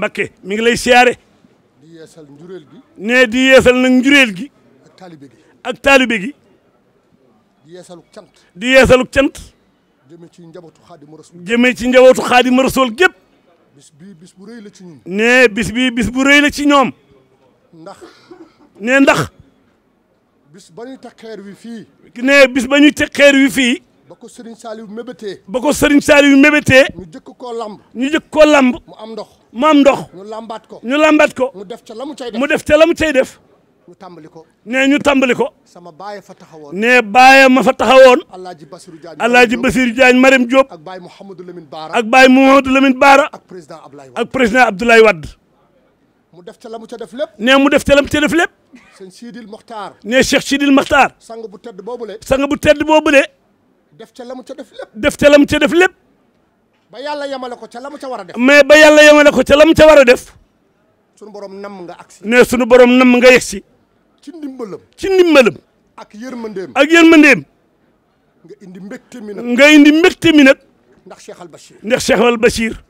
Mbakke mi ngi lay siyaare. di yeesal gi. nee di yeesal nag njureel gi. ak taalibe gi ak taalibe gi. di yeesaluk cant. di yeesaluk cant. jëmee ci njabootu xaadimu rasul. jëmee ci njabootu xaadimu rasul gépp. bis bii bis bu rëy la ci ñun. nee bis bii bis bu rëy ci ñoom. ndax. nee ndax. bis ba ñuy teg xeer wi fii. nee bis ba ñuy xeer wi fii. boko ko Serigne Saliou mébétee. ba ko Serigne Saliou mébétee. ñu jëkk koo lamb. ñu jëkk koo lamb. mu am ndox mu am ndox. ñu lambaat ko ñu lambaat ko. mu def ca la mu cay def mu def ca la mu cay def. ñu tàmbali ko. nee ñu tàmbali ko. sama baay fa taxawoon. nee baay ma fa taxawoon. alaaji Basiru Diagne alaaji Basiru Diagne Marème Diop. ak baay Mouhamadou Lamine Baara. ak baay Mouhamadou Lamine Baara. ak président Abdoulaye Wade ak président Abdoulaye Wade. mu def ca la mu ca def lépp. nee mu def ca la mu ca def lépp. sëñ Sidil Mokhtar. nee Cheikh Sidil Mokhtar. sang bu tedd boobule. sang bu tedd boobule. def ca la mu ca def lépp. def ca la mu ca def lépp. ba yàlla yemale ko ca la mu ca war a def. mais ba yàlla yemale ko ca la ca war a def. sunu borom namm nga agsi. ne sunu borom namm nga yegsi. ci ndimbalam. ci ndimbalam. ak yërmandeem. ak yërmandeem. nga indi mbégte mi nag. nga indi mbégte mi nag. ndax Cheikh Al Bachir. ndax Cheikh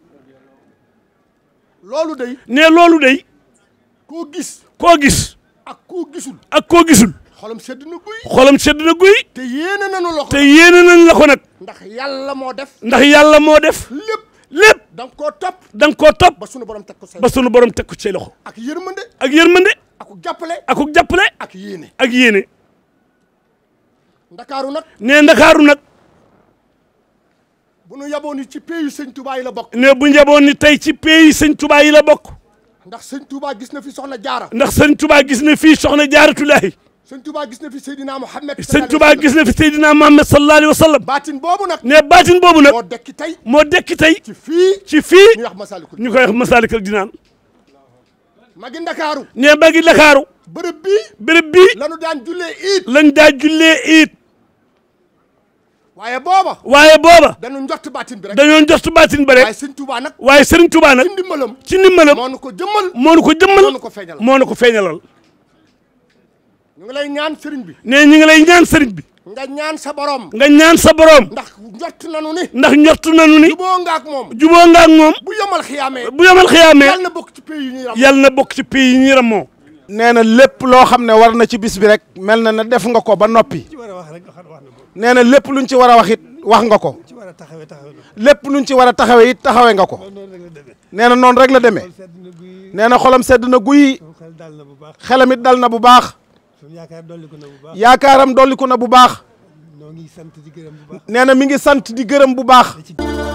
loolu day. ne loolu day. koo gis. koo gis. ak koo gisul. ak koo gisul. xolam sedd na guy. xolam sedd na guy. te yéene nañu la ko. te yéene nañu la ko nag. ndax yàlla moo def. ndax yàlla moo def. lépp lépp. da nga koo topp. da nga koo topp. ba sunu borom teg ko say. ba sunu borom teg ko say loxo. ak yërmande. ak yërmande. ak ku jàppale. ak ku jàppale. ak yéene. ak yéene. ndakaaru nag. nee ndakaaru nag. bu nu yaboon ni ci pays yu sëñ Touba yi la bokk. ne bu ñu yaboon ni tey ci pays yu sëñ Touba yi la bokk. ndax sëñ Touba gis na fi soxna jaara. ndax sëñ Touba gis na fii soxna jaaratullaahi sëñ Touba gis na fi Seydina Mohamed. sëñ Touba gis na fi Seydina Mohamed sallallahu alayhi wa sallam. baatin boobu nag. ne baatin boobu nag. moo dekki tey. moo dekki tey. ci fii ci fii. ñu koy wax Masalikul ñu koy wax Masalikul Jinaan. magi Ndakaaru. ne magi Ndakaaru. bërëb dañu njott baatin bi rek. dañoo njott baatin bi rek. waaye sëñ Touba nag. waaye sëñ Touba nag. ci ndimbalam. ci ndimbalam. moo nu ko jëmmal. moo nu ko jëmmal. moo nu ko feeñalal. ñu ngi ñaan sëriñ bi. nee ñu ngi lay ñaan sëriñ bi. nga ñaan sa borom. nga ñaan sa borom. ndax njort nanu ni. ndax njort nanu ni. juboo ngaak moom. juboo nga ak moom. bu yomal xiyaamee. bu yomal xiyaamee. yal na bokk ci pays yi ñuy na bokk ci pays yi ñuy ramoo. nee na lépp loo xam ne war na ci bis bi rek mel na na def nga ko ba noppi nee na lépp luñ ci war a wax it wax nga ko lépp luñ ci war a taxawee it taxawee nga ko nee na noonu rek la demee nee na xolam sedd na guy xelam it dal na bu baax. sunu yaakaar dolliku na bu baax yaakaaram dolliku na bu baax. noo ngi sant di gërëm nee na mi ngi sant di gërëm bu baax.